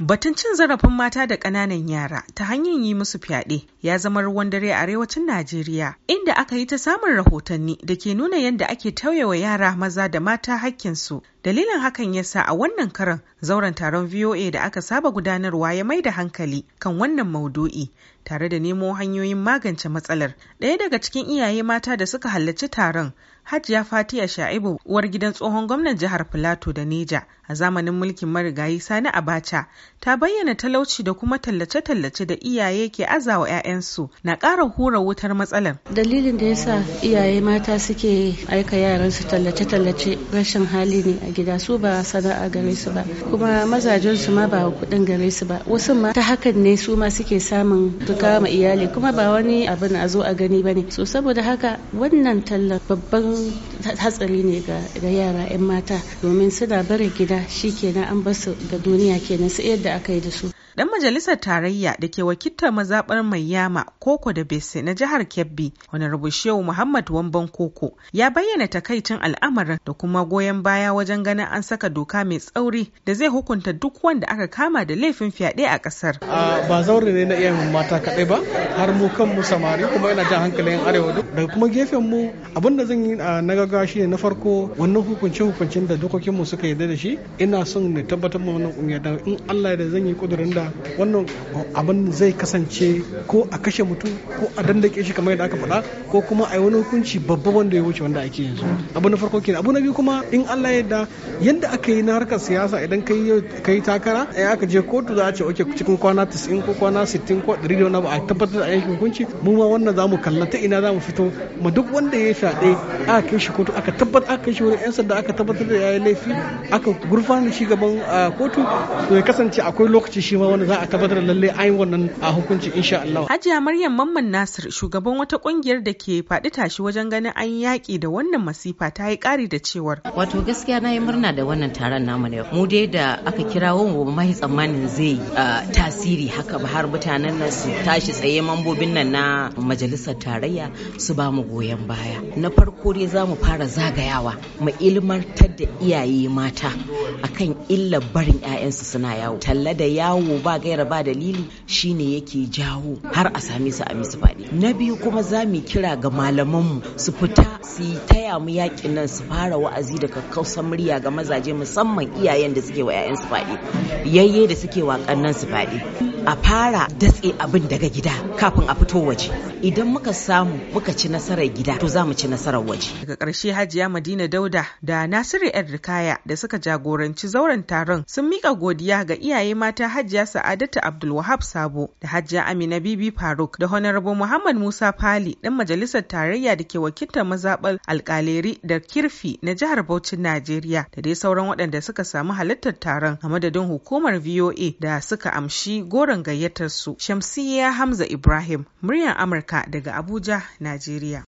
Batun cin zarafin mata da ƙananan yara ta hanyar yi musu fyaɗe ya zama ruwan dare a arewacin Najeriya, inda aka yi ta samun rahotanni da ke nuna yadda ake tauyewa yara maza da mata hakkinsu. Dalilin hakan ya sa a wannan karan zauren taron VOA da aka saba gudanarwa ya mai da hankali kan wannan maudu'i tare da nemo hanyoyin magance matsalar. Ɗaya daga cikin iyaye mata da suka halarci taron Hajiya Fatiya Sha'ibu uwar gidan tsohon gwamnan jihar Filato da Neja a zamanin mulkin marigayi Sani Abacha ta bayyana talauci da kuma tallace-tallace da iyaye ke azawa 'ya'yansu na ƙara hura wutar matsalar. Dalilin da yasa iyaye mata suke aika yaransu tallace-tallace rashin hali ne a gida su ba sana'a gare su ba kuma mazajen su ma ba kuɗin gare su ba wasu ma ta hakan ne su ma suke samun an kama iyali kuma ba wani abin a zo a gani ba ne so saboda haka wannan tallar babban hatsari ne ga yara 'yan mata domin suna barin gida shi kenan an basu ga duniya kenan su yadda aka yi da su dan majalisar tarayya da ke wakiltar mazabar yama Koko da Bese na jihar Kebbi, wani rubushewu Muhammad Wamban Koko ya bayyana takaicin al'amarin da kuma goyon baya wajen ganin an saka doka mai tsauri da zai hukunta duk wanda aka kama da laifin fyaɗe a ƙasar. Ba zaure ne na iyayen mata kaɗai ba, har mu kanmu samari kuma yana jan hankalin arewa duk. Daga kuma gefen mu abin da zan yi na gaggawa shi ne na farko wannan hukunce-hukuncen da dokokinmu suka yarda da shi ina son ne tabbatar mu wannan ƙungiyar da in Allah ya da zan yi kudurin da wannan abin zai kasance ko a kashe mutum ko a dandake shi kamar yadda aka faɗa ko kuma a yi wani hukunci babba wanda ya wuce wanda ake yanzu abu na farko kenan abu na biyu kuma in Allah ya yarda yadda aka yi na harkar siyasa idan ka yi takara ai aka je kotu za a ce oke cikin kwana 90 ko kwana 60 ko 100 da ba a tabbatar da yanke hukunci mu ma wannan za mu kalla ta ina za mu fito ma duk wanda ya fyaɗe aka kai shi kotu aka tabbatar aka kai shi wurin 'yan sanda aka tabbatar da ya yi laifi aka gurfana shi gaban ah, kotu to ya kasance akwai lokaci shi ma Wani za a tabbatar lalle a yi wannan a hukunci insha Allah. Hajiya Maryam Mamman Nasir shugaban wata kungiyar da ke faɗi tashi wajen ganin an yaƙi da wannan masifa ta yi ƙari da cewar. Wato gaskiya na yi murna da wannan taron namu ne. Mu dai da aka wa mu ba mai tsammanin zai tasiri haka ba har mutanen nan su tashi tsaye mambobin nan na majalisar tarayya su ba mu goyon baya. Na farko dai za mu fara zagayawa mu ilmantar da iyaye mata akan illa barin 'ya'yansu suna yawo. Talla da yawo samu ba gaira ba dalili shine yake jawo har a same su a misu faɗi na biyu kuma za mu kira ga malamanmu su fita su yi taya mu yaƙin nan su fara wa'azi da kakkausar murya ga mazaje musamman iyayen da suke wa 'ya'yan su faɗi yayye da suke wa kannan su faɗi a fara datse abin daga gida kafin a fito waje idan muka samu muka ci nasarar gida to za mu ci nasarar waje daga ƙarshe hajiya madina dauda da nasiru yan da suka jagoranci zauren taron sun mika godiya ga iyaye mata hajiya sa'adatu abdulwahab sabo da hajiya amina bibi faruk da honorable muhammad musa fali dan majalisar tarayya da ke wakiltar mazaɓar alƙaleri da kirfi na jihar Bauchin Najeriya da dai sauran waɗanda suka samu halittar taron a madadin hukumar VOA da suka amshi goron jagoran gayyatar su Shamsiyya Hamza Ibrahim, muryar Amurka daga Abuja, Najeriya.